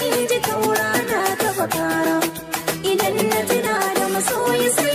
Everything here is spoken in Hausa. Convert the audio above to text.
in ji taura na taba kara idan na tuna da masoyi sai